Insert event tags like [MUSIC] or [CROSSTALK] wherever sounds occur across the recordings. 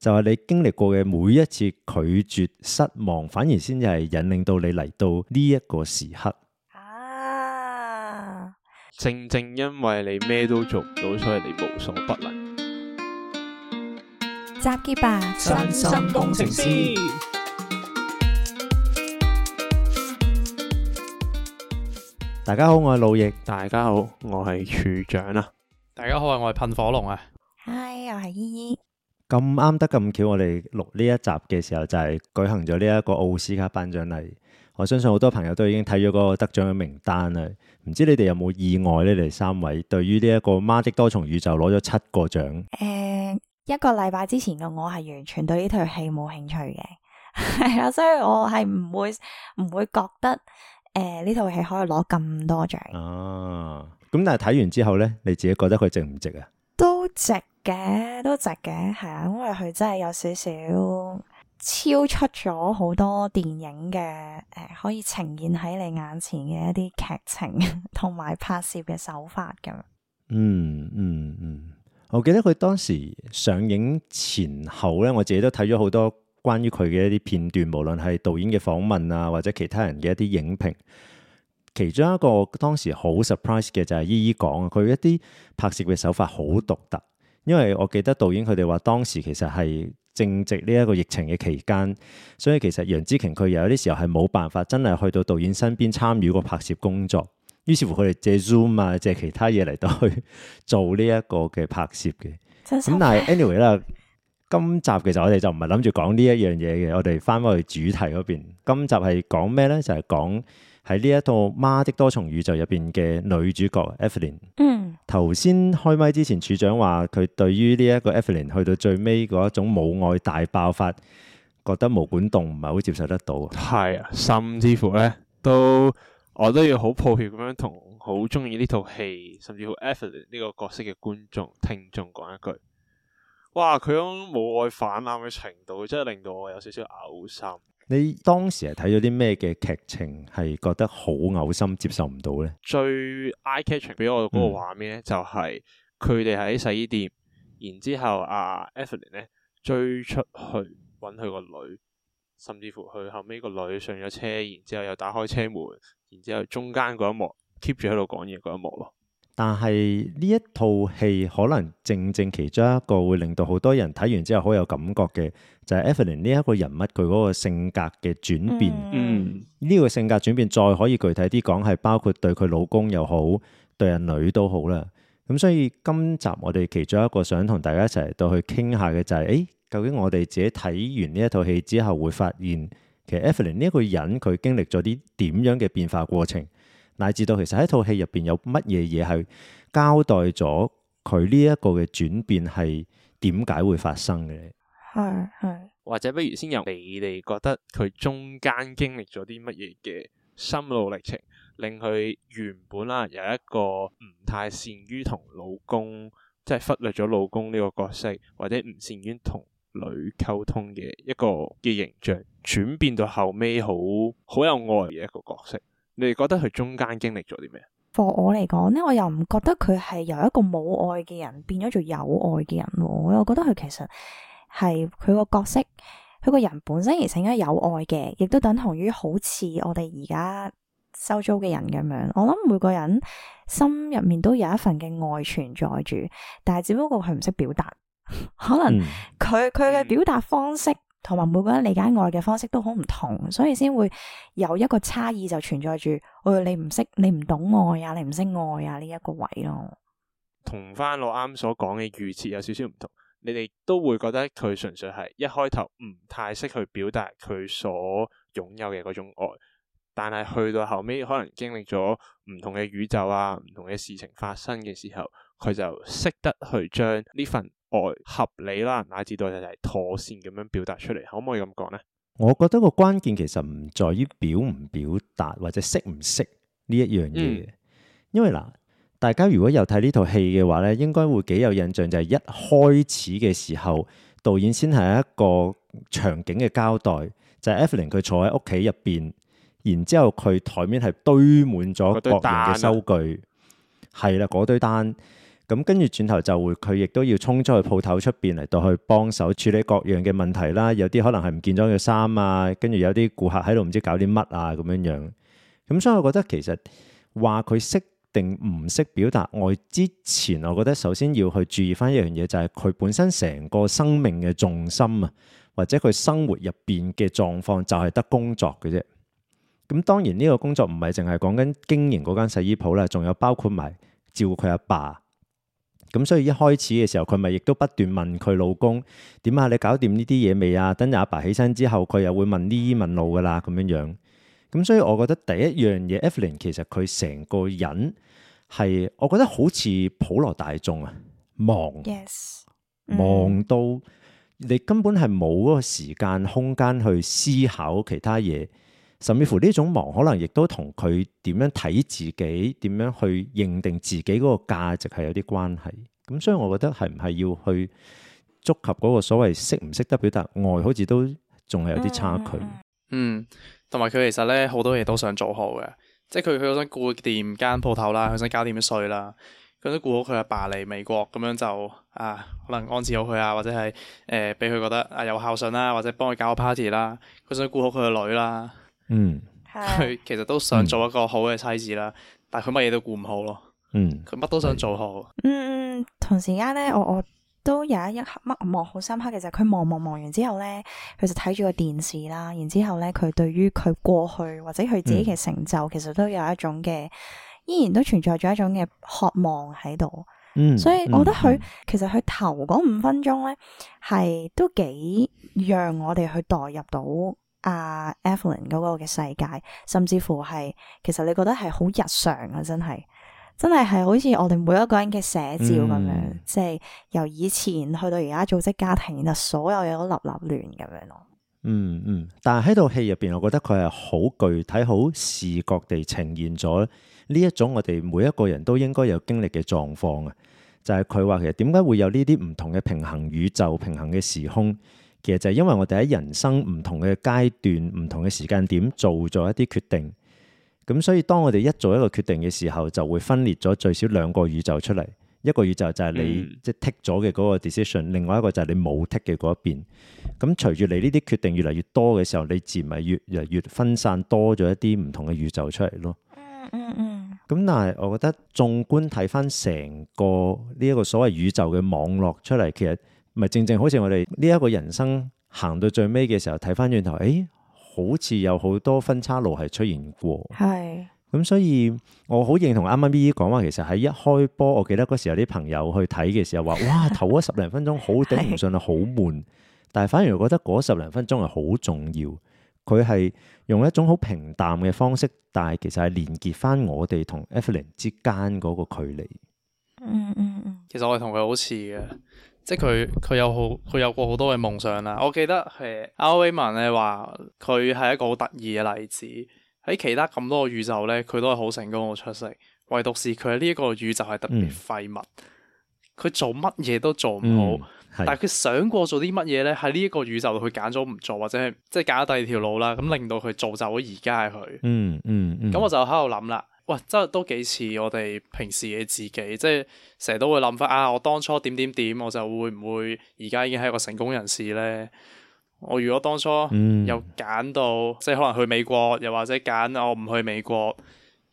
就係你經歷過嘅每一次拒絕、失望，反而先至係引領到你嚟到呢一個時刻啊！正正因為你咩都做唔到，所以你無所不能。集結吧，身心工程師！大家好，我係老易。大家好，我係處長啦。大家好，我係噴火龍啊。嗨，我係依依。咁啱得咁巧，我哋錄呢一集嘅時候就係舉行咗呢一個奧斯卡頒獎禮。我相信好多朋友都已經睇咗嗰個得獎嘅名單啦。唔知你哋有冇意外咧？你哋三位對於呢、這、一個《媽的多重宇宙》攞咗七個獎？誒、呃，一個禮拜之前嘅我係完全對呢套戲冇興趣嘅，係啊，所以我係唔會唔會覺得誒呢套戲可以攞咁多獎。哦、啊，咁但係睇完之後咧，你自己覺得佢值唔值啊？值嘅，都值嘅，係啊，因為佢真係有少少超出咗好多電影嘅，誒、呃,可以呈現喺你眼前嘅一啲劇情，同埋拍攝嘅手法咁、嗯。嗯嗯嗯，我記得佢當時上映前後咧，我自己都睇咗好多關於佢嘅一啲片段，無論係導演嘅訪問啊，或者其他人嘅一啲影評。其中一個當時好 surprise 嘅就係姨姨講，佢一啲拍攝嘅手法好獨特，因為我記得導演佢哋話當時其實係正值呢一個疫情嘅期間，所以其實楊紫瓊佢有啲時候係冇辦法真係去到導演身邊參與個拍攝工作，於是乎佢哋借 Zoom 啊，借其他嘢嚟到去做呢一個嘅拍攝嘅。咁是但係 anyway 啦，今集其實我哋就唔係諗住講呢一樣嘢嘅，我哋翻返去主題嗰邊。今集係講咩咧？就係、是、講。喺呢一套《媽的多重宇宙》入邊嘅女主角 Evelyn，嗯頭先開麥之前，處長話佢對於呢一個 Evelyn 去到最尾嗰一種母愛大爆發，覺得毛管動唔係好接受得到。係啊，甚至乎咧，都我都要好抱歉咁樣同好中意呢套戲，甚至好 Evelyn 呢個角色嘅觀眾聽眾講一句：，哇，佢種母愛泛濫嘅程度，真係令到我有少少嘔心。你當時係睇咗啲咩嘅劇情，係覺得好嘔心，接受唔到呢？最 eye-catching 俾我嗰個畫面咧，嗯、就係佢哋喺洗衣店，然後之後阿、啊、Evelyn 咧追出去揾佢個女，甚至乎佢後尾個女上咗車，然之後又打開車門，然之後中間嗰一幕 keep 住喺度講嘢嗰一幕咯。但係呢一套戲可能正正其中一個會令到好多人睇完之後好有感覺嘅，就係 Evelyn 呢一個人物佢嗰個性格嘅轉變。嗯，呢個性格轉變再可以具體啲講係包括對佢老公又好，對阿女都好啦。咁所以今集我哋其中一個想同大家一齊到去傾下嘅就係，誒究竟我哋自己睇完呢一套戲之後會發現，其實 Evelyn 呢一個人佢經歷咗啲點樣嘅變化過程？乃至到其實喺套戲入邊有乜嘢嘢係交代咗佢呢一個嘅轉變係點解會發生嘅？係係，或者不如先由你哋覺得佢中間經歷咗啲乜嘢嘅心路歷程，令佢原本啦有一個唔太善於同老公，即係忽略咗老公呢個角色，或者唔善於同女溝通嘅一個嘅形象，轉變到後尾好好有愛嘅一個角色。你哋覺得佢中間經歷咗啲咩？for 我嚟講咧，我又唔覺得佢係由一個冇愛嘅人變咗做有愛嘅人喎。我又覺得佢其實係佢個角色，佢個人本身而成家有愛嘅，亦都等同於好似我哋而家收租嘅人咁樣。我諗每個人心入面都有一份嘅愛存在住，但係只不過佢唔識表達，可能佢佢嘅表達方式。嗯同埋每個人理解愛嘅方式都好唔同，所以先會有一個差異就存在住。誒、哎，你唔識你唔懂愛啊，你唔識愛啊呢一、這個位咯。同翻我啱所講嘅預設有少少唔同，你哋都會覺得佢純粹係一開頭唔太識去表達佢所擁有嘅嗰種愛，但係去到後尾可能經歷咗唔同嘅宇宙啊、唔同嘅事情發生嘅時候，佢就識得去將呢份愛合理啦，乃至到就係妥善咁樣表達出嚟，可唔可以咁講呢？我覺得個關鍵其實唔在於表唔表達或者識唔識呢一樣嘢、嗯、因為嗱，大家如果有睇呢套戲嘅話咧，應該會幾有印象，就係、是、一開始嘅時候，導演先係一個場景嘅交代，就係、是、Evelyn 佢坐喺屋企入邊，然之後佢台面係堆滿咗各樣嘅收據，係啦、啊，嗰堆單。咁跟住轉頭就會，佢亦都要衝出去鋪頭出邊嚟到去幫手處理各樣嘅問題啦。有啲可能係唔見咗嘅衫啊，跟住有啲顧客喺度唔知搞啲乜啊，咁樣樣。咁、嗯、所以我覺得其實話佢識定唔識表達愛之前，我覺得首先要去注意翻一樣嘢，就係佢本身成個生命嘅重心啊，或者佢生活入邊嘅狀況就係得工作嘅啫。咁、嗯、當然呢個工作唔係淨係講緊經營嗰間洗衣鋪啦，仲有包括埋照顧佢阿爸。咁所以一開始嘅時候，佢咪亦都不斷問佢老公點啊？你搞掂呢啲嘢未啊？等阿爸，爸起身之後，佢又會問呢啲問路㗎喇咁樣樣。咁所以我覺得第一樣嘢 [MUSIC] ，Evelyn 其實佢成個人係，我覺得好似普羅大眾啊，忙，Yes. 忙到你根本係冇嗰個時間空間去思考其他嘢。甚至乎呢種忙，可能亦都同佢點樣睇自己、點樣去認定自己嗰個價值係有啲關係。咁所以，我覺得係唔係要去觸及嗰個所謂識唔識得表達外，好似都仲係有啲差距。嗯，同埋佢其實咧好多嘢都想做好嘅，即係佢佢想顧掂間鋪頭啦，佢想交啲稅啦，佢都顧好佢阿爸嚟美國咁樣就啊，可能安置好佢啊，或者係誒俾佢覺得啊有孝順啦，或者幫佢搞個 party 啦，佢想顧好佢個女啦。嗯，佢其實都想做一個好嘅妻子啦，但佢乜嘢都顧唔好咯。嗯，佢乜都、嗯、都想做好。嗯嗯，同時間咧，我我都有一一刻，乜望好深刻嘅就係佢望望望完之後咧，佢就睇住個電視啦。然之後咧，佢對於佢過去或者佢自己嘅成就，嗯、其實都有一種嘅，依然都存在咗一種嘅渴望喺度。嗯，所以我覺得佢、嗯、其實佢頭嗰五分鐘咧係都幾讓我哋去代入到。阿、uh, Evelyn 嗰個嘅世界，甚至乎係，其實你覺得係好日常啊，真係，真係係好似我哋每一個人嘅寫照咁樣，嗯、即係由以前去到而家組織家庭，然後所有嘢都立立亂咁樣咯。嗯嗯，但係喺套戲入邊，我覺得佢係好具體、好視覺地呈現咗呢一種我哋每一個人都應該有經歷嘅狀況啊，就係佢話其實點解會有呢啲唔同嘅平衡宇宙、平衡嘅時空。其實就係因為我哋喺人生唔同嘅階段，唔同嘅時間點做咗一啲決定，咁所以當我哋一做一個決定嘅時候，就會分裂咗最少兩個宇宙出嚟。一個宇宙就係你即係剔咗嘅嗰個 decision，另外一個就係你冇剔嘅嗰一邊。咁隨住你呢啲決定越嚟越多嘅時候，你自然咪越越分散多咗一啲唔同嘅宇宙出嚟咯。嗯，咁但係我覺得縱觀睇翻成個呢一個所謂宇宙嘅網絡出嚟，其實。咪正正好似我哋呢一個人生行到最尾嘅時候，睇翻轉頭，誒、哎，好似有好多分岔路係出現過。係，咁所以我好認同啱啱 B B 講話，其實喺一開波，我記得嗰時候有啲朋友去睇嘅時候，話哇，頭嗰十零分鐘好頂唔順好悶，悶 [LAUGHS] 是但係反而我覺得嗰十零分鐘係好重要。佢係用一種好平淡嘅方式，但係其實係連結翻我哋同 Evelyn 之間嗰個距離。嗯嗯 [LAUGHS] 其實我同佢好似嘅。即係佢佢有好佢有過好多嘅夢想啦。我記得誒，阿威文咧話佢係一個好得意嘅例子。喺其他咁多個宇宙咧，佢都係好成功好出色，唯獨是佢喺呢一個宇宙係特別廢物。佢、嗯、做乜嘢都做唔好，嗯、但係佢想過做啲乜嘢咧？喺呢一個宇宙度，佢揀咗唔做，或者係即係揀咗第二條路啦。咁令到佢造就咗而家嘅佢。嗯嗯嗯。咁我就喺度諗啦。喂，真係都幾似我哋平時嘅自己，即係成日都會諗翻啊，我當初點點點，我就會唔會而家已經係一個成功人士呢？我如果當初又揀到，嗯、即係可能去美國，又或者揀我唔去美國，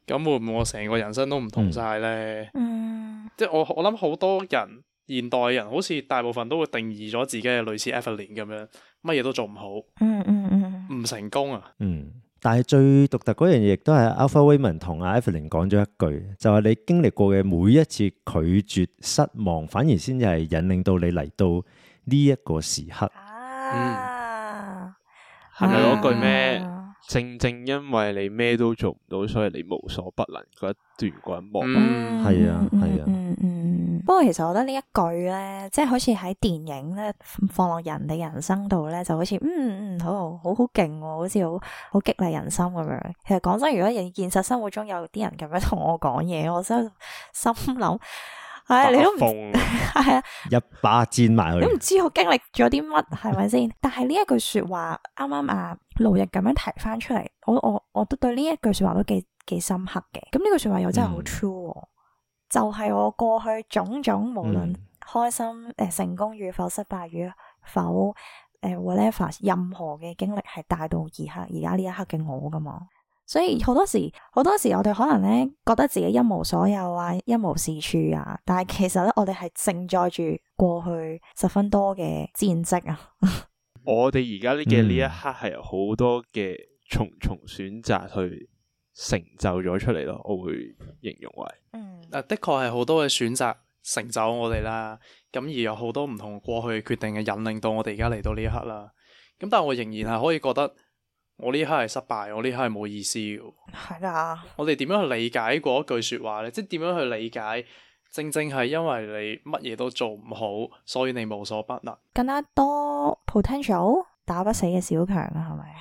咁會唔會我成個人生都唔同晒呢？嗯、即係我我諗好多人現代人，好似大部分都會定義咗自己嘅類似 Evelyn 咁樣，乜嘢都做唔好，唔、嗯嗯嗯、成功啊！嗯但係最獨特嗰樣嘢，亦都係 Alpha Waymond 同阿 Evelyn 講咗一句，就係你經歷過嘅每一次拒絕、失望，反而先至係引領到你嚟到呢一個時刻。啊，係咪嗰句咩？啊啊啊、正正因為你咩都做唔到，所以你無所不能。嗰一段，嗰一幕，嗯，係、嗯、啊，係啊。嗯嗯嗯嗯不過其實我覺得呢一句咧，即係好似喺電影咧放落人哋人生度咧，就好似嗯嗯好好好勁，好似好好，好，好，好激勵人心咁樣。其實講真，如果現現實生活中有啲人咁樣同我講嘢，我真心諗係、哎、 [LAUGHS] 啊，你都係啊，一把尖埋去，你唔知我經歷咗啲乜係咪先？但係呢一句說話啱啱啊，路逸咁樣提翻出嚟，我我我都對呢一句說話都幾幾深刻嘅。咁呢句說話又真係好 true。就係我過去種種，無論開心誒、呃、成功與否、失敗與否誒、呃、whatever 任何嘅經歷係帶到而刻。而家呢一刻嘅我噶嘛，所以好多時好多時我哋可能咧覺得自己一無所有啊、一無是處啊，但係其實咧我哋係承載住過去十分多嘅戰績啊， [LAUGHS] 我哋而家嘅呢一刻係有好多嘅重重選擇去。成就咗出嚟咯，我會形容為，啊、嗯 uh, 的確係好多嘅選擇成就我哋啦，咁而有好多唔同過去嘅決定嘅引領到我哋而家嚟到呢一刻啦，咁但係我仍然係可以覺得我呢刻係失敗，我呢刻係冇意思嘅。係啊，我哋點樣去理解嗰句說話呢？即係點樣去理解？正正係因為你乜嘢都做唔好，所以你無所不能。更加多 potential。打不死嘅小強啊，係咪？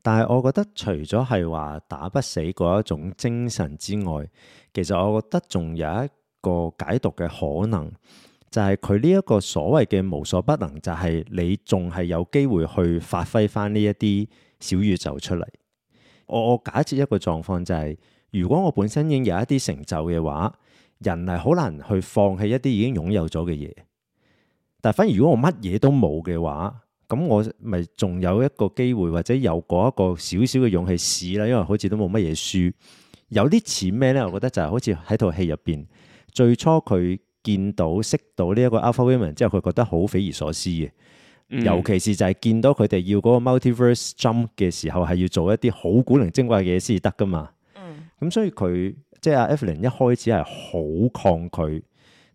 [LAUGHS] 但係我覺得除咗係話打不死嗰一種精神之外，其實我覺得仲有一個解讀嘅可能，就係佢呢一個所謂嘅無所不能，就係你仲係有機會去發揮翻呢一啲小宇宙出嚟。我我假設一個狀況就係、是，如果我本身已經有一啲成就嘅話，人係好難去放棄一啲已經擁有咗嘅嘢。但反而如果我乜嘢都冇嘅話，咁我咪仲有一個機會，或者有嗰一個少少嘅勇氣試啦，因為好似都冇乜嘢輸。有啲似咩咧？我覺得就係好似喺套戲入邊，最初佢見到識到呢一個 Alpha Women 之後，佢覺得好匪夷所思嘅。嗯、尤其是就係見到佢哋要嗰個 Multiverse Jump 嘅時候，係要做一啲好古靈精怪嘅嘢先至得㗎嘛。咁、嗯、所以佢即係阿 Evelyn 一開始係好抗拒，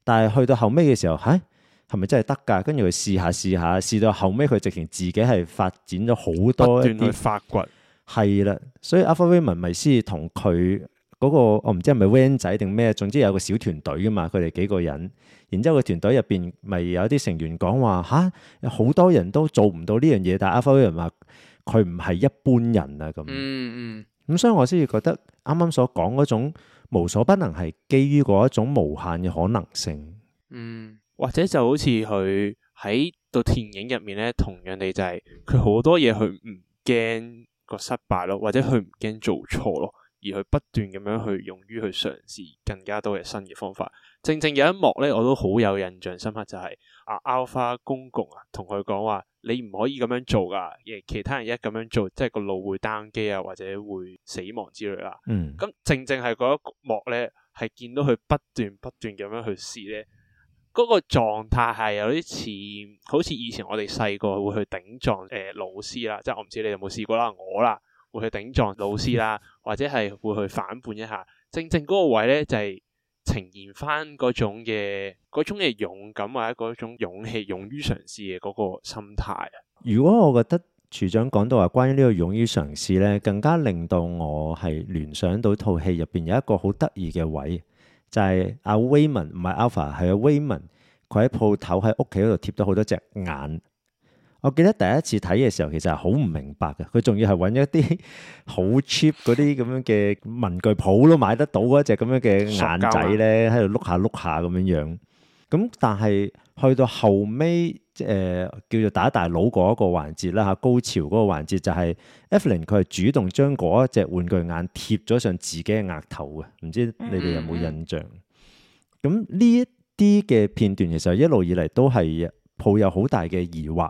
但係去到後尾嘅時候，嚇。係咪真係得噶？跟住佢試下試下，試到後尾，佢直情自己係發展咗好多一啲發掘係啦。所以 Alpha Wayman 咪先至同佢嗰個，我唔知係咪 Van 仔定咩？總之有個小團隊噶嘛，佢哋幾個人。然之後個團隊入邊咪有啲成員講話吓，好、啊、多人都做唔到呢樣嘢，但係 Alpha Wayman 佢唔係一般人啊。咁嗯嗯咁、嗯，所以我先至覺得啱啱所講嗰種無所不能係基於嗰一種無限嘅可能性。嗯。或者就好似佢喺到電影入面咧，同樣地就係佢好多嘢佢唔驚個失敗咯，或者佢唔驚做錯咯，而佢不斷咁樣去勇於去嘗試更加多嘅新嘅方法。正正有一幕咧，我都好有印象深刻，就是，就、啊、係 Alpha 公公啊，同佢講話你唔可以咁樣做噶，其他人一咁樣做，即係個腦會單機啊，或者會死亡之類啦。嗯，咁正正係嗰一幕咧，係見到佢不斷不斷咁樣去試咧。嗰個狀態係有啲似，好似以前我哋細個會去頂撞誒、呃、老師啦，即係我唔知你有冇試過啦，我啦會去頂撞老師啦，或者係會去反叛一下。正正嗰個位咧就係、是、呈現返嗰種嘅嗰種嘅勇敢或者嗰種勇氣、勇於嘗試嘅嗰個心態。如果我覺得處長講到話關於呢個勇於嘗試咧，更加令到我係聯想到套戲入邊有一個好得意嘅位。就係阿 Wayman 唔係 Alpha，係阿 Wayman，佢喺鋪頭，喺屋企嗰度貼咗好多隻眼。我記得第一次睇嘅時候，其實係好唔明白嘅。佢仲要係搵一啲好 cheap 嗰啲咁樣嘅文具鋪都買得到嗰隻咁樣嘅眼仔咧，喺度碌下碌下咁樣樣。咁但係。去到後尾，誒、呃、叫做打大佬嗰一個環節啦嚇，高潮嗰個環節就係 Evelyn 佢係主動將嗰一隻玩具眼貼咗上自己嘅額頭嘅，唔知你哋有冇印象？咁呢一啲嘅片段其實一路以嚟都係抱有好大嘅疑惑。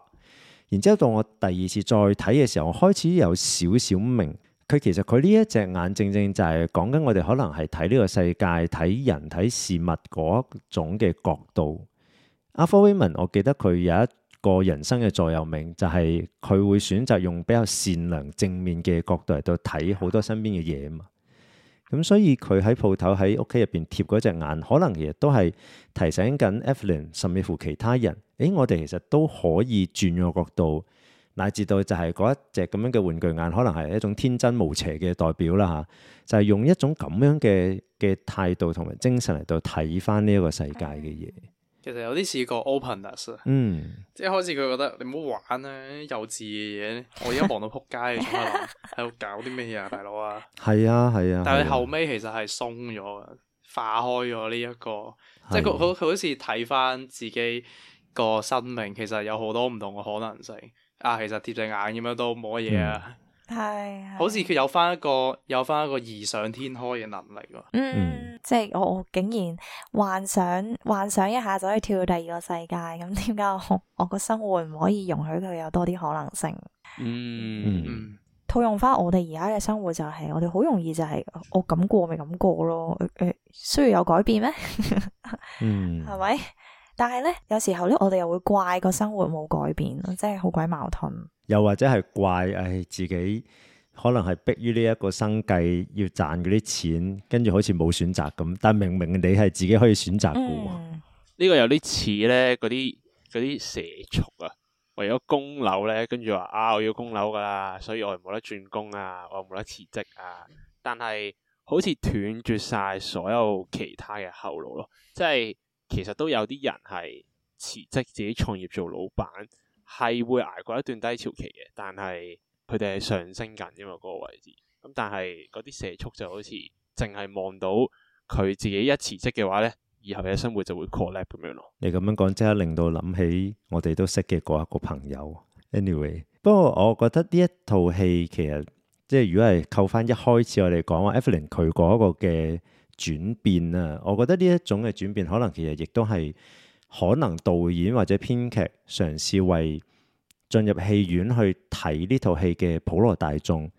然之後到我第二次再睇嘅時候，我開始有少少明，佢其實佢呢一隻眼正正就係講緊我哋可能係睇呢個世界、睇人睇事物嗰種嘅角度。阿 Waymond，我記得佢有一個人生嘅座右銘，就係佢會選擇用比較善良正面嘅角度嚟到睇好多身邊嘅嘢嘛。咁所以佢喺鋪頭喺屋企入邊貼嗰隻眼，可能其實都係提醒緊 Evelyn，甚至乎其他人，誒我哋其實都可以轉個角度，乃至到就係嗰一隻咁樣嘅玩具眼，可能係一種天真無邪嘅代表啦嚇。就係用一種咁樣嘅嘅態度同埋精神嚟到睇翻呢一個世界嘅嘢。其實有啲似個 openness 啊、嗯，即係開始佢覺得你唔好玩啊，幼稚嘅嘢，我而家忙到撲街，做乜諗喺度搞啲咩啊，大佬啊，係啊係啊，啊但係後尾其實係鬆咗，啊，化開咗呢一個，啊、即係佢佢佢好似睇翻自己個生命，其實有好多唔同嘅可能性。啊，其實貼隻眼咁樣都冇乜嘢啊。嗯係，好似佢有翻一個有翻一個異想天開嘅能力咯。嗯，即係我我竟然幻想幻想一下就可以跳到第二個世界，咁點解我我個生活唔可以容許佢有多啲可能性？嗯，套用翻我哋而家嘅生活就係、是，我哋好容易就係、是、我咁過咪咁過咯。誒、呃、誒，需要有改變咩？ [LAUGHS] 嗯，係咪？ [LAUGHS] 但係咧，有時候咧，我哋又會怪個生活冇改變，即係好鬼矛盾。又或者係怪誒、哎、自己，可能係迫於呢一個生計要賺嗰啲錢，跟住好似冇選擇咁。但明明你係自己可以選擇嘅喎，呢、嗯、個有啲似咧嗰啲啲蛇蟲啊，為咗供樓咧，跟住話啊，我要供樓㗎啦，所以我又冇得轉工啊，我又冇得辭職啊。但係好似斷絕晒所有其他嘅後路咯，即係其實都有啲人係辭職自己創業做老闆。係會捱過一段低潮期嘅，但係佢哋係上升緊，因為嗰個位置。咁但係嗰啲射速就好似淨係望到佢自己一辭職嘅話呢，以後嘅生活就會 collapse 咁樣咯。你咁樣講，即刻令到諗起我哋都識嘅嗰一個朋友。Anyway，不過我覺得呢一套戲其實即係如果係扣翻一開始我哋講話、啊、Evelyn 佢嗰個嘅轉變啊，我覺得呢一種嘅轉變可能其實亦都係。可能導演或者編劇嘗試為進入戲院去睇呢套戲嘅普羅大眾，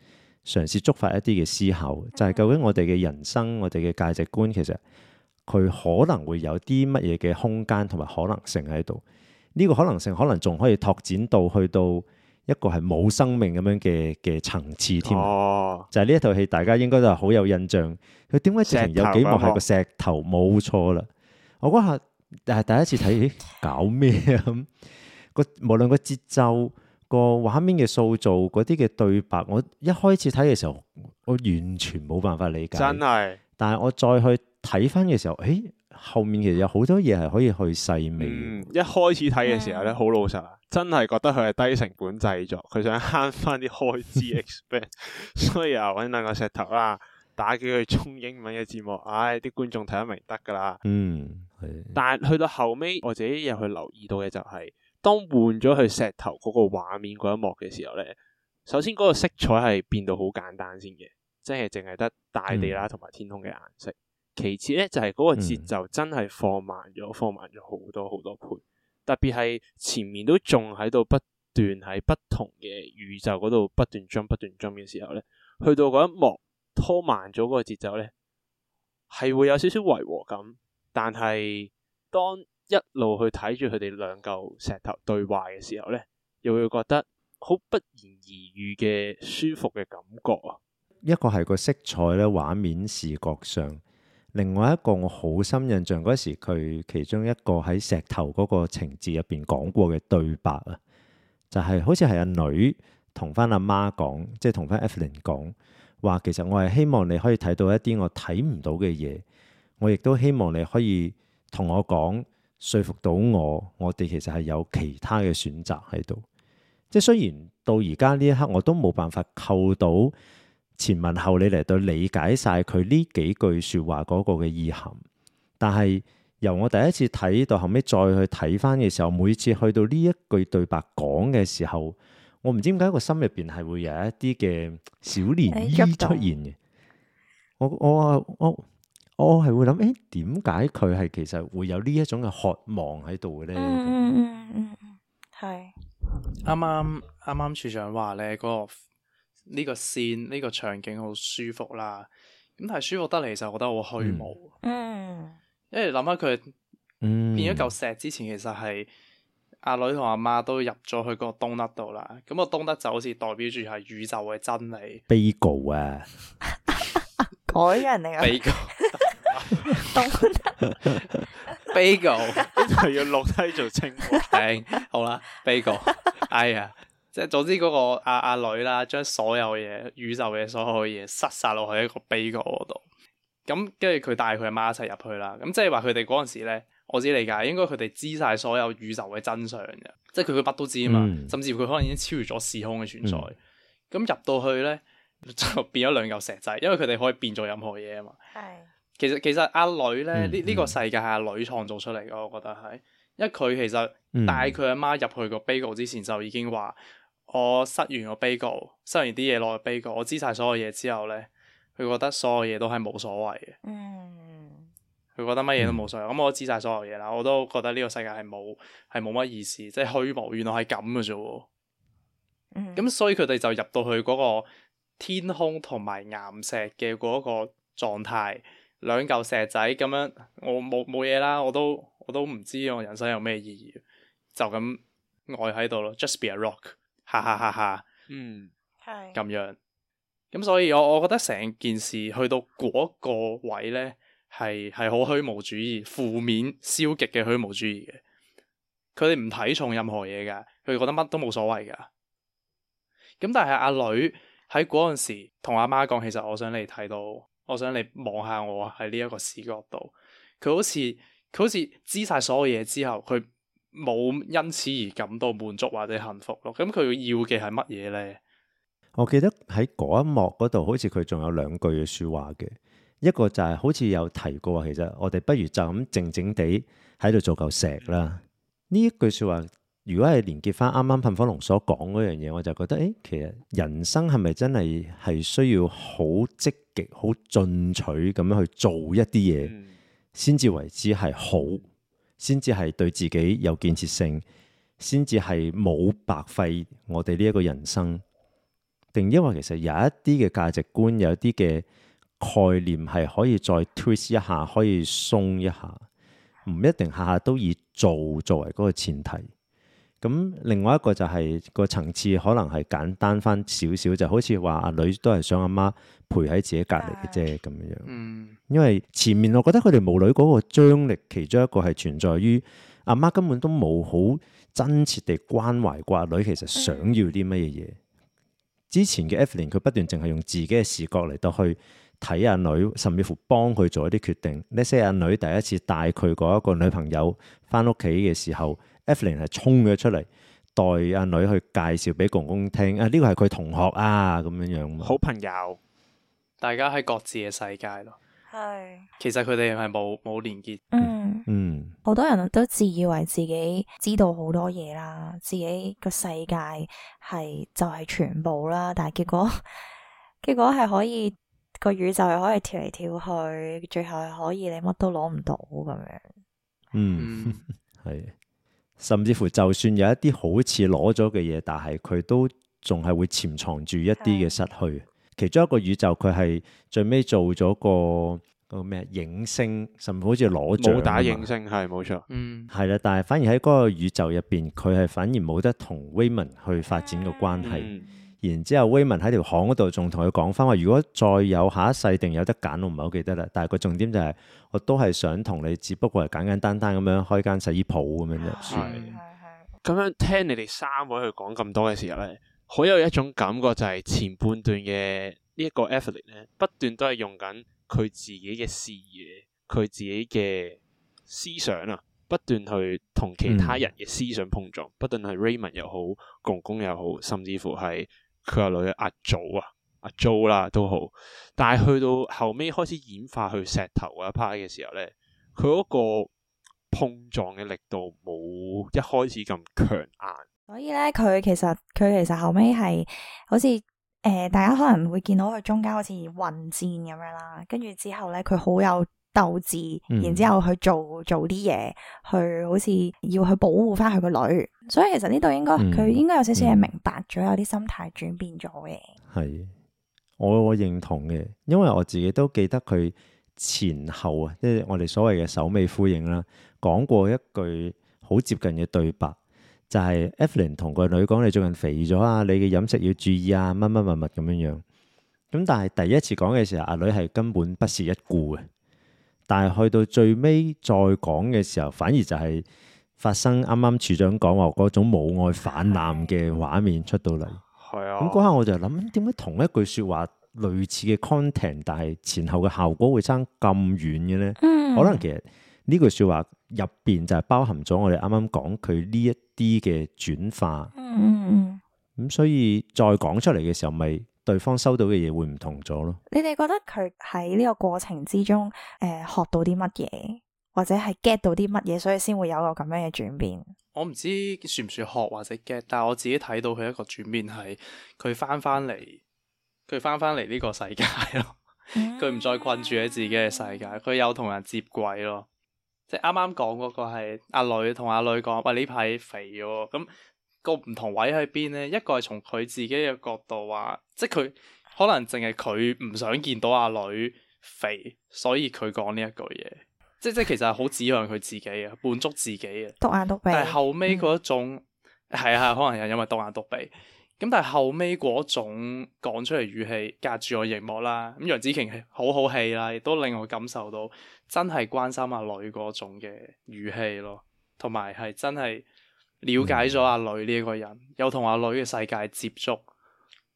嘗試觸發一啲嘅思考，就係究竟我哋嘅人生、我哋嘅價值觀，其實佢可能會有啲乜嘢嘅空間同埋可能性喺度。呢個可能性可能仲可以拓展到去到一個係冇生命咁樣嘅嘅層次添。哦，就係呢一套戲，大家應該都係好有印象。佢點解直情有幾幕係個石頭？冇錯啦，我嗰下。但係第一次睇，哎，搞咩咁？個 [LAUGHS] 無論個節奏、個畫面嘅塑造，嗰啲嘅對白，我一開始睇嘅時候，我完全冇辦法理解。真係的。但係我再去睇翻嘅時候，誒、哎，後面其實有好多嘢係可以去細味，嗯。一開始睇嘅時候咧，好 Yeah. 老實啊，真係覺得佢係低成本製作，佢想慳翻啲開支 expense, [LAUGHS] 所以啊，搵兩個石頭啦，打幾句中英文嘅字幕，唉、哎，啲觀眾睇得明得噶啦。嗯。但係去到後尾，我自己又去留意到嘅就係、是，當換咗去石頭嗰個畫面嗰一幕嘅時候呢，首先嗰個色彩係變到好簡單先嘅，即係淨係得大地啦同埋天空嘅顏色。嗯、其次呢，就係、是、嗰個節奏真係放慢咗，放慢咗好多好多倍。特別係前面都仲喺度不斷喺不同嘅宇宙嗰度不斷 jump 不斷 jump 嘅時候呢，去到嗰一幕拖慢咗嗰個節奏呢，係會有少少違和感。但係，當一路去睇住佢哋兩嚿石頭對話嘅時候呢又會覺得好不言而喻嘅舒服嘅感覺啊！一個係個色彩咧，畫面視覺上；另外一個我好深印象嗰時，佢其中一個喺石頭嗰個情節入邊講過嘅對白啊，就係、是、好似係阿女同翻阿媽講，即係同翻 Evelyn 講話，其實我係希望你可以睇到一啲我睇唔到嘅嘢。我亦都希望你可以同我講，說服到我，我哋其實係有其他嘅選擇喺度。即係雖然到而家呢一刻，我都冇辦法扣到前文後理嚟到理解晒佢呢幾句説話嗰個嘅意涵。但係由我第一次睇到後尾再去睇翻嘅時候，每次去到呢一句對白講嘅時候，我唔知點解個心入邊係會有一啲嘅小漣漪出現嘅。我我啊我。我我我係、哦、會諗，誒點解佢係其實會有呢一種嘅渴望喺度嘅咧？嗯嗯嗯，係。啱啱啱啱，剛剛處長話咧、那個，嗰、這、呢個 scene 呢個場景好舒服啦。咁但係舒服得嚟，就覺得好虛無。嗯。嗯因為諗下，佢變咗嚿石之前，其實係阿、嗯、女同阿媽，媽都入咗去個 Donut 度啦。咁、那個 Donut 就好似代表住係宇宙嘅真理。Bagel 啊！改人嚟㗎。Bagel 就要落低做清，頂 [LAUGHS] [LAUGHS] 好啦，Bagel 哎呀，即、就、係、是、總之嗰個阿、啊、阿、啊、女啦，將所有嘢宇宙嘅所有嘢塞晒落去一個 Bagel 嗰度，咁跟住佢帶佢阿媽一齊入去啦。咁即係話佢哋嗰陣時咧，我自己理解應該佢哋知晒所有宇宙嘅真相嘅，即係佢乜都知啊嘛，嗯、甚至乎佢可能已經超越咗時空嘅存在。咁入到去咧就變咗兩嚿石仔，因為佢哋可以變做任何嘢啊嘛。係。 [LAUGHS] [LAUGHS] 其實其實阿女咧，呢呢、嗯嗯呢個世界係阿女創造出嚟嘅，我覺得係，因為佢其實帶佢阿媽入去個 Bagel 之前，就已經話我塞完個 Bagel，塞完啲嘢落去 Bagel，我知晒所有嘢之後咧，佢覺得所有嘢都係冇所謂嘅。嗯，佢覺得乜嘢都冇所謂，咁、嗯、我知晒所有嘢啦，我都覺得呢個世界係冇係冇乜意思，即、就、係、是、虛無，原來係咁嘅啫。嗯，咁所以佢哋就入到去嗰個天空同埋岩石嘅嗰個狀態。兩嚿石仔咁樣，我冇冇嘢啦，我都我都唔知我人生有咩意義，就咁呆喺度咯，just be a rock，哈哈哈！哈，嗯，係，咁樣，咁所以我我覺得成件事去到嗰個位呢，係係好虛無主義，負面消極嘅虛無主義嘅，佢哋唔睇重任何嘢噶，佢哋覺得乜都冇所謂噶，咁但係阿女喺嗰陣時同阿媽講，其實我想你睇到。我想你望下我喺呢一個視角度，佢好似佢好似知晒所有嘢之後，佢冇因此而感到滿足或者幸福咯。咁佢要嘅係乜嘢咧？我記得喺嗰一幕嗰度，好似佢仲有兩句嘅説話嘅，一個就係好似有提過，其實我哋不如就咁靜靜地喺度做嚿石啦。呢、嗯、一句説話。如果係連結翻啱啱噴火龍所講嗰樣嘢，我就覺得，誒、哎，其實人生係咪真係係需要好積極、好進取咁樣去做一啲嘢，先至為之係好，先至係對自己有建設性，先至係冇白費我哋呢一個人生？定因為其實有一啲嘅價值觀，有一啲嘅概念係可以再 twist 一下，可以鬆一下，唔一定下下都以做作為嗰個前提。咁另外一個就係個層次可能係簡單翻少少，就是、好似話阿女都係想阿媽陪喺自己隔離嘅啫咁樣。因為前面我覺得佢哋母女嗰個張力，其中一個係存在於阿媽根本都冇好真切地關懷過、呃、阿女其實想要啲乜嘢嘢。之前嘅 Evelyn 佢不斷淨係用自己嘅視角嚟到去睇阿女，甚至乎幫佢做一啲決定。呢些阿女第一次帶佢嗰一個女朋友翻屋企嘅時候。Evelyn 係衝咗出嚟，代阿女去介紹俾公公聽。啊，呢個係佢同學啊，咁樣樣。好朋友，大家喺各自嘅世界咯。係是，其實佢哋係冇冇連結。嗯嗯，好、嗯、多人都自以為自己知道好多嘢啦，自己個世界係就係、是、全部啦。但係結果，結果係可以個宇宙係可以跳嚟跳去，最後係可以你乜都攞唔到咁樣。嗯，係。 [LAUGHS] 甚至乎就算有一啲好似攞咗嘅嘢，但係佢都仲係會潛藏住一啲嘅失去。係。其中一個宇宙佢係最尾做咗個嗰個咩影星，甚至好似攞獎。武打影星係冇錯，嗯，係啦。但係反而喺嗰個宇宙入邊，佢係反而冇得同 Wayman 去發展個關係。嗯然之後，Raymond 喺條巷嗰度仲同佢講翻話：，如果再有下一世，定有得揀，我唔係好記得啦。但係個重點就係，是，我都係想同你，只不過係簡簡單單咁樣開間洗衣鋪咁樣入住。係係咁樣聽你哋三位去講咁多嘅時候咧，好有一種感覺就係前半段嘅，e、呢一個 effort 咧，不斷都係用緊佢自己嘅視野，佢自己嘅思想啊，不斷去同其他人嘅思想碰撞，嗯、不斷係 Raymond 又好，公公又好，甚至乎係。佢個女阿祖啊，阿 Jo 啦都好，但係去到後尾開始演化去石頭嗰一 part 嘅時候咧，佢嗰個碰撞嘅力度冇一開始咁強硬，所以咧佢其實佢其實後尾係好似誒、呃、大家可能會見到佢中間好似混戰咁樣啦，跟住之後咧佢好有鬥志，嗯、然之後去做做啲嘢，去好似要去保護翻佢個女，所以其實呢度應該佢、嗯、應該有少少係明白咗，嗯、有啲心態轉變咗嘅。係我認同嘅，因為我自己都記得佢前後啊，即係我哋所謂嘅首尾呼應啦，講過一句好接近嘅對白，就係 Evelyn 同個女講：你最近肥咗啊，你嘅飲食要注意啊，乜乜乜乜咁樣樣。咁但係第一次講嘅時候，阿女係根本不屑一顧嘅。但係去到最尾再講嘅時候，反而就係發生啱啱處長講話嗰種母愛泛濫嘅畫面出到嚟。係啊，咁嗰刻我就諗點解同一句説話類似嘅 content，但係前後嘅效果會差咁遠嘅咧？ [NOISE] 可能其實呢句説話入邊就係包含咗我哋啱啱講佢呢一啲嘅轉化。嗯嗯，咁所以再講出嚟嘅時候，咪～對方收到嘅嘢會唔同咗咯？你哋覺得佢喺呢個過程之中，誒、呃、學到啲乜嘢，或者係 get 到啲乜嘢，所以先會有個咁樣嘅轉變？我唔知算唔算學或者 get，但係我自己睇到佢一個轉變係佢返返嚟，佢返返嚟呢個世界咯，佢 [LAUGHS] 唔再困住喺自己嘅世界，佢有同人接軌咯，即係啱啱講嗰個係阿、啊、女同阿、啊、女講，喂，呢排肥喎咁。嗯個唔同位喺邊呢？一個係從佢自己嘅角度話，即係佢可能淨係佢唔想見到阿女肥，所以佢講呢一句嘢，即係其實係好指向佢自己嘅，滿足自己嘅。獨眼獨鼻、嗯、鼻。但係後尾嗰種係啊，可能係因為獨眼獨鼻。咁但係後尾嗰種講出嚟語氣，隔住我熒幕啦。咁楊紫瓊係好好戲啦，亦都令我感受到真係關心阿女嗰種嘅語氣咯，同埋係真係。了解咗阿女呢一個人，mm. 又同阿女嘅世界接觸，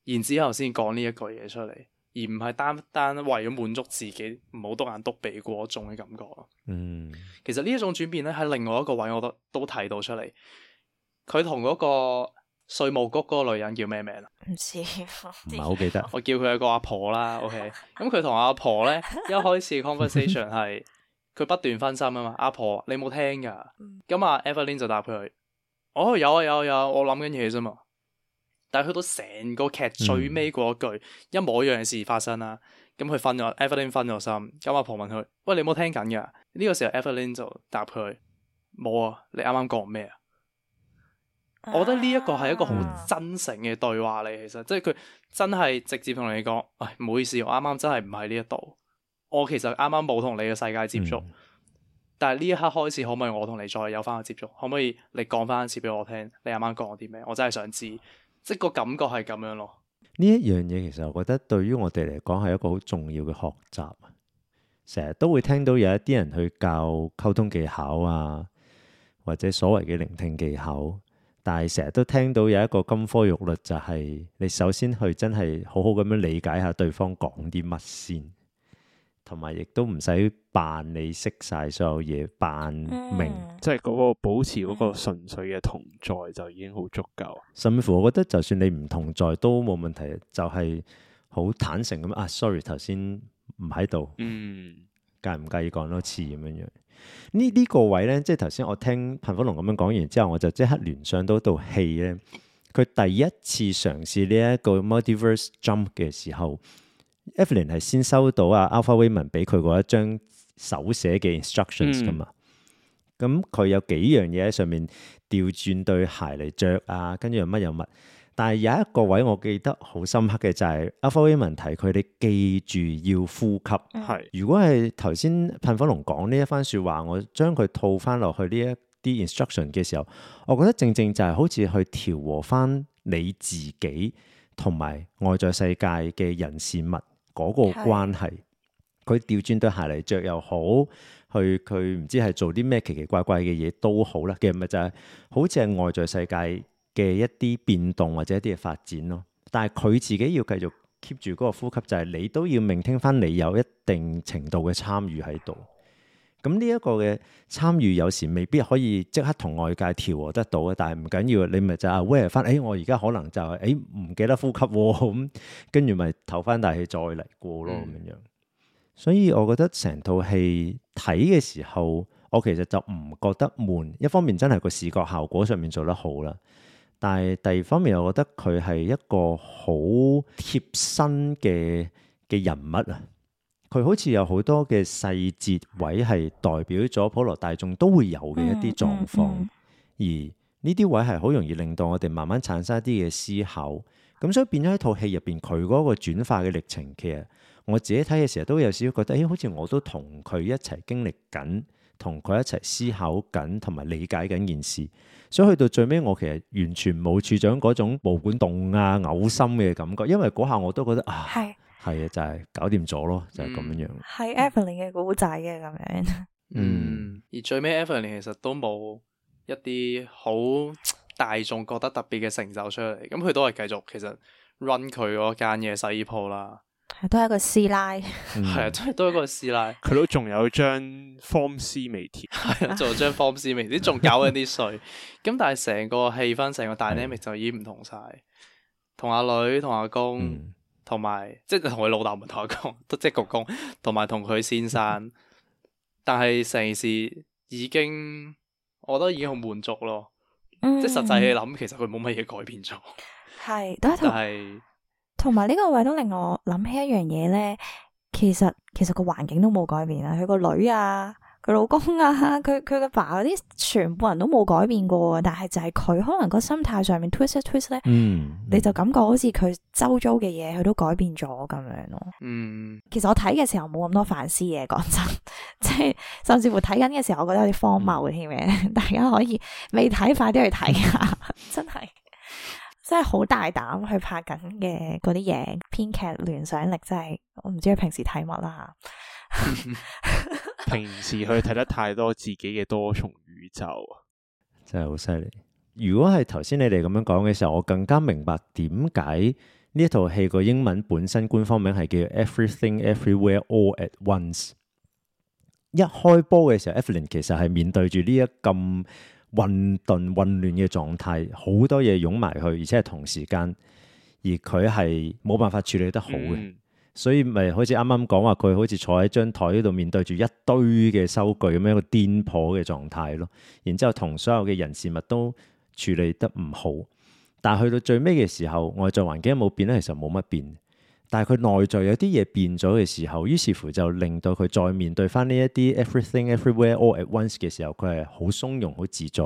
然之後先講呢一句嘢出嚟，而唔係單單為咗滿足自己，唔好篤眼篤鼻嗰種嘅感覺咯。嗯，mm. 其實呢一種轉變咧，喺另外一個位我都，我覺都睇到出嚟。佢同嗰個稅務局嗰個女人叫咩名啊？唔知，唔係好記得，我，我叫佢係個阿婆啦。 [LAUGHS] OK，咁佢同阿婆咧一開始 conversation 係佢不斷分心啊嘛。阿婆，你冇聽噶。咁啊 Evelyn 就答佢。哦，有啊有啊，有，啊，我諗緊嘢啫嘛。但係去到成個劇最尾嗰句，嗯、一模一樣嘅事發生啦。咁佢分咗，Evelyn 分咗心。咁阿婆問佢：喂，你冇聽緊噶？呢、呢個時候 Evelyn 就答佢：冇啊，你啱啱講咩啊？我覺得呢一個係一個好真誠嘅對話嚟，其實即係佢真係直接同你講：唉、哎，唔好意思，我啱啱真係唔喺呢一度，我其實啱啱冇同你嘅世界接觸。嗯但係呢一刻開始，可唔可以我同你再有翻個接觸？可唔可以你講翻一次俾我聽？你啱啱講咗啲咩？我真係想知，即係個感覺係咁樣咯。呢一樣嘢其實我覺得對於我哋嚟講係一個好重要嘅學習。成日都會聽到有一啲人去教溝通技巧啊，或者所謂嘅聆聽技巧。但係成日都聽到有一個金科玉律，就係你首先去真係好好咁樣理解下對方講啲乜先。同埋，亦都唔使扮你識晒所有嘢，扮明，即係嗰個保持嗰個純粹嘅同在，就已經好足夠。甚至乎，我覺得就算你唔同在都冇問題，就係好坦誠咁啊。Sorry，頭先唔喺度，嗯，介唔介意講多次咁樣樣？呢呢個位咧，即係頭先我聽彭福龍咁樣講完之後，我就即刻聯想到一套戲咧，佢第一次嘗試呢一個 multiverse jump 嘅時候。Evelyn 係先收到阿 Alpha Waymond 俾佢一張手寫嘅 instructions 噶嘛？咁佢、嗯、有幾樣嘢喺上面調轉對鞋嚟着啊，跟住又乜又乜。但係有一個位我記得好深刻嘅就係、是、Alpha Waymond 提佢哋記住要呼吸。係是如果係頭先噴火龍講呢一番說話，我將佢套翻落去呢一啲 instruction 嘅時候，我覺得正正就係好似去調和翻你自己同埋外在世界嘅人事物。嗰個關係，佢調的轉對鞋嚟着又好，去佢唔知係做啲咩奇奇怪怪嘅嘢都好啦，嘅咪就係、是、好似係外在世界嘅一啲變動或者一啲嘅發展咯。但係佢自己要繼續 keep 住嗰個呼吸，就係、是、你都要聆聽翻，你有一定程度嘅參與喺度。咁呢一個嘅參與有時未必可以即刻同外界調和得到嘅，但係唔緊要，你咪就 aware 翻，誒、哎、我而家可能就係誒唔記得呼吸喎，咁跟住咪唞翻大氣再嚟過咯咁、嗯、樣。所以，我覺得成套戲睇嘅時候，我其實就唔覺得悶。一方面真係個視覺效果上面做得好啦，但係第二方面我覺得佢係一個好貼身嘅嘅人物啊。佢好似有好多嘅細節位係代表咗普羅大眾都會有嘅一啲狀況，嗯嗯嗯、而呢啲位係好容易令到我哋慢慢產生一啲嘅思考。咁所以變咗喺套戲入邊，佢嗰個轉化嘅歷程，其實我自己睇嘅時候都有少少覺得，誒、哎、好似我都同佢一齊經歷緊，同佢一齊思考緊，同埋理解緊件事。所以去到最尾，我其實完全冇處長嗰種無管動啊、嘔心嘅感覺，因為嗰下我都覺得啊。係啊，就係搞掂咗咯，就咁、係、樣樣。係、嗯、Evelyn 嘅古仔嘅咁樣。嗯，而最尾 Evelyn 其實都冇一啲好大眾覺得特別嘅成就出嚟，咁佢都係繼續其實 run 佢嗰間嘅洗衣鋪啦。係都係一個師奶、嗯，係啊，都係都一個師奶。佢都仲有張 form C 未填啊，仲有張 form C 未，啲仲搞緊啲稅。咁但係成個氣氛，成個 dynamic 就已經唔同晒，同阿、嗯、女，同阿公。同埋即係同佢老豆唔同佢講，即係焗工，同埋同佢先生。嗯、但係成件事已經，我覺得已經好滿足咯。嗯、即係實際去諗，其實佢冇乜嘢改變咗。係，但係同埋同埋呢個位都令我諗起一樣嘢咧。其實其實個環境都冇改變啊。佢個女啊。佢老公啊，佢佢個爸嗰啲全部人都冇改變過，但係就係佢可能個心態上面 twist twist 咧，嗯嗯、你就感覺好似佢周遭嘅嘢佢都改變咗咁樣咯。嗯，其實我睇嘅時候冇咁多反思嘢，講真，即係甚至乎睇緊嘅時候，我覺得有啲荒謬添嘅。嗯、 [LAUGHS] 大家可以未睇，快啲去睇下，真係，真係好大膽去拍緊嘅嗰啲嘢，編劇聯想力真係，我唔知佢平時睇乜啦。嗯 [LAUGHS] [LAUGHS] 平時去睇得太多自己嘅多重宇宙， [LAUGHS] 真係好犀利。如果係頭先你哋咁樣講嘅時候，我更加明白點解呢一套戲個英文本身官方名係叫《Everything Everywhere All At Once》。一開波嘅時候，Evelyn 其實係面對住呢一咁混沌、混亂嘅狀態，好多嘢湧埋去，而且係同時間，而佢係冇辦法處理得好嘅。嗯。所以咪好似啱啱講話，佢好似坐喺張台嗰度面對住一堆嘅收據，咁樣一個癲婆嘅狀態咯。然之後同所有嘅人事物都處理得唔好，但係去到最尾嘅時候，外在環境冇變咧，其實冇乜變，但係佢內在有啲嘢變咗嘅時候，於是乎就令到佢再面對翻呢一啲 everything everywhere all at once 嘅時候，佢係好松容、好自在，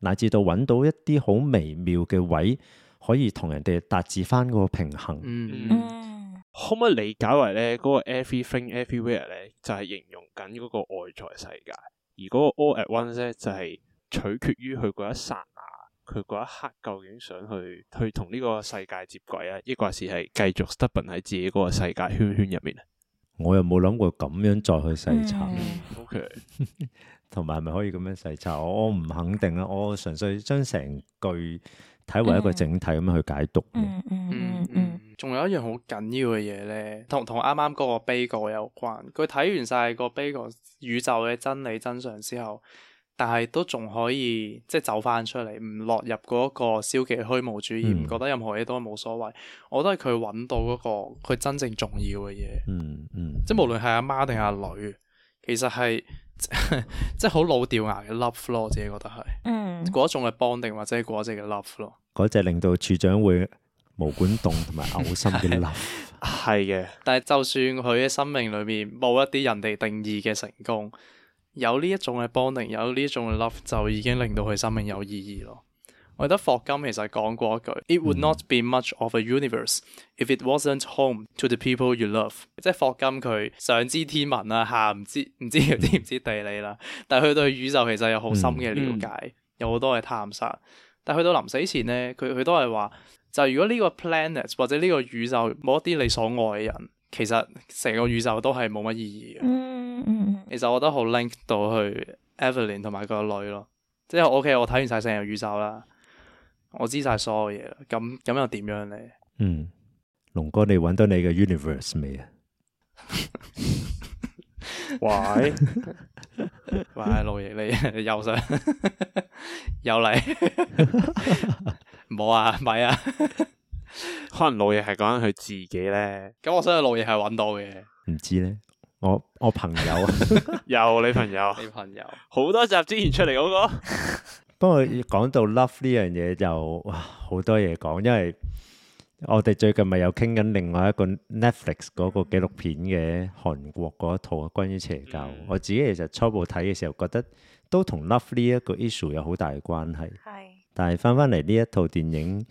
乃至到揾到一啲好微妙嘅位，可以同人哋達至翻嗰個平衡。嗯嗯、mm。Hmm. 可唔可以理解為咧嗰個 everything everywhere 咧就係、是、形容緊嗰個外在世界，而嗰個 all at once 咧就係、是、取決於佢嗰一剎那，佢嗰一刻究竟想去去同呢個世界接軌啊，抑或係繼續 stubborn 喺自己嗰個世界圈圈入面啊？我又冇諗過咁樣再去細查、mm hmm. [LAUGHS] ，OK，同埋係咪可以咁樣細查？我唔肯定啦，我純粹將成句。睇為一個整體咁樣去解讀，嗯。嗯嗯，仲有一樣好緊要嘅嘢呢，同同啱啱嗰個 Bagel 有關。佢睇完晒個 Bagel 宇宙嘅真理真相之後，但係都仲可以即係走翻出嚟，唔落入嗰個消極虛無主義，嗯、唔覺得任何嘢都冇所謂。我都係佢揾到嗰、嗰個佢真正重要嘅嘢、嗯。嗯嗯，即係無論係阿媽定係阿女，其實係 [LAUGHS] 即係好老掉牙嘅 love 咯，我自己覺得係。嗯。嗰一種係 bonding 或者嗰隻嘅 love 咯。嗰隻 [LAUGHS] 令到處長會毛管動同埋嘔心嘅 love [LAUGHS] 。係嘅。但係就算佢嘅生命裏面冇一啲人哋定義嘅成功，有呢一種嘅 bonding，有呢一種嘅 love 就已經令到佢生命有意義咯。我覺得霍金其實講過一句：It would not be much of a universe if it wasn't home to the people you love。即係霍金佢上知天文啊，下唔知唔知知唔知地理啦。但係佢對宇宙其實有好深嘅了解，有好多嘅探索。但係去到臨死前咧，佢佢都係話：就如果呢個 planet 或者呢個宇宙冇一啲你所愛嘅人，其實成個宇宙都係冇乜意義嘅。Mm hmm. 其實我覺得好 link 到去 Evelyn 同埋佢個女咯。即係 O.K.，我睇完晒成個宇宙啦。我知晒所有嘢啦，咁咁又點樣咧？嗯，龍哥你搵到你嘅 universe 未 [LAUGHS] [LAUGHS] 又來 [LAUGHS] 啊？喂，喂，老爺你又想又嚟？冇啊，咪啊？可能老爺係講緊佢自己咧。咁、嗯、我相信老爺係搵到嘅。唔知咧，我我朋友有 [LAUGHS] [LAUGHS] 你朋友， [LAUGHS] 你朋友好多集之前出嚟嗰個。 [LAUGHS] 不過講到 love 呢樣嘢就哇，好多嘢講，因為我哋最近咪有傾緊另外一個 Netflix 嗰個紀錄片嘅韓國嗰一套，關於邪教。嗯、我自己其實初步睇嘅時候覺得都同 love 呢是一個 issue 有好大嘅關係。但係翻翻嚟呢一套電影，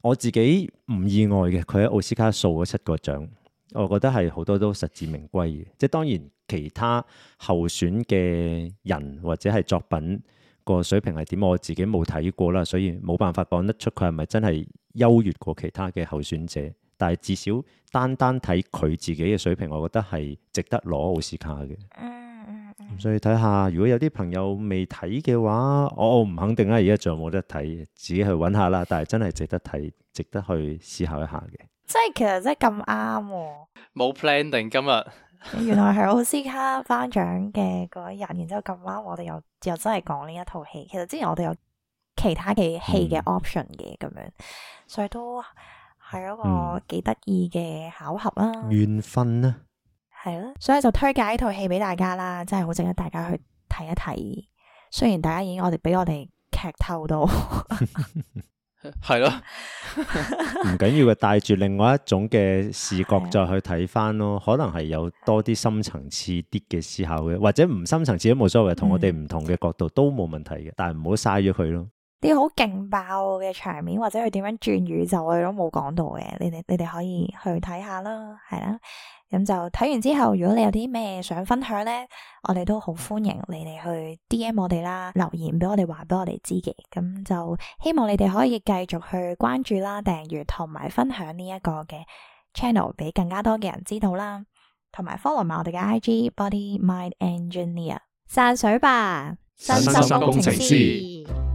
我自己唔意外嘅，佢喺奧斯卡掃咗七個獎，我覺得係好多都實至名歸嘅。即係當然其他候選嘅人或者係作品。個水平係點？我自己冇睇過啦，所以冇辦法講得出佢係咪真係優越過其他嘅候選者。但係至少單單睇佢自己嘅水平，我覺得係值得攞奧斯卡嘅、嗯。嗯嗯嗯。所以睇下，如果有啲朋友未睇嘅話，我、哦、唔、哦、肯定啦。而家仲有冇得睇，自己去揾下啦。但係真係值得睇，值得去思考一下嘅。即係其實真係咁啱喎。冇 plan 定今日。 [LAUGHS] 原來係奧斯卡頒獎嘅嗰一日，然之後咁啱我哋又。又真係講呢一套戲，其實之前我哋有其他嘅戲嘅 option 嘅咁、嗯、樣，所以都係一個幾得意嘅巧合啦、啊，緣分啦，係啦，所以就推介呢套戲俾大家啦，真係好值得大家去睇一睇。雖然大家已經我哋俾我哋劇透到。 [LAUGHS] [LAUGHS] 係咯，唔是 [LAUGHS] 緊要嘅，帶住另外一種嘅視覺再去睇翻咯，可能係有多啲深層次啲嘅思考嘅，或者唔深層次都冇所謂，我同我哋唔同嘅角度都冇問題嘅，但係唔好嘥咗佢咯。啲好勁爆嘅場面或者佢點樣轉宇宙我都冇講到嘅，你哋你哋可以去睇下啦，係啦，咁就睇完之後，如果你有啲咩想分享呢，我哋都好歡迎你哋去 DM 我哋啦，留言俾我哋話俾我哋知嘅，咁就希望你哋可以繼續去關注啦、訂閱同埋分享呢一個嘅 channel 俾更加多嘅人知道啦，同埋 follow 埋我哋嘅 IG Body Mind Engineer 散水吧，身心工程師。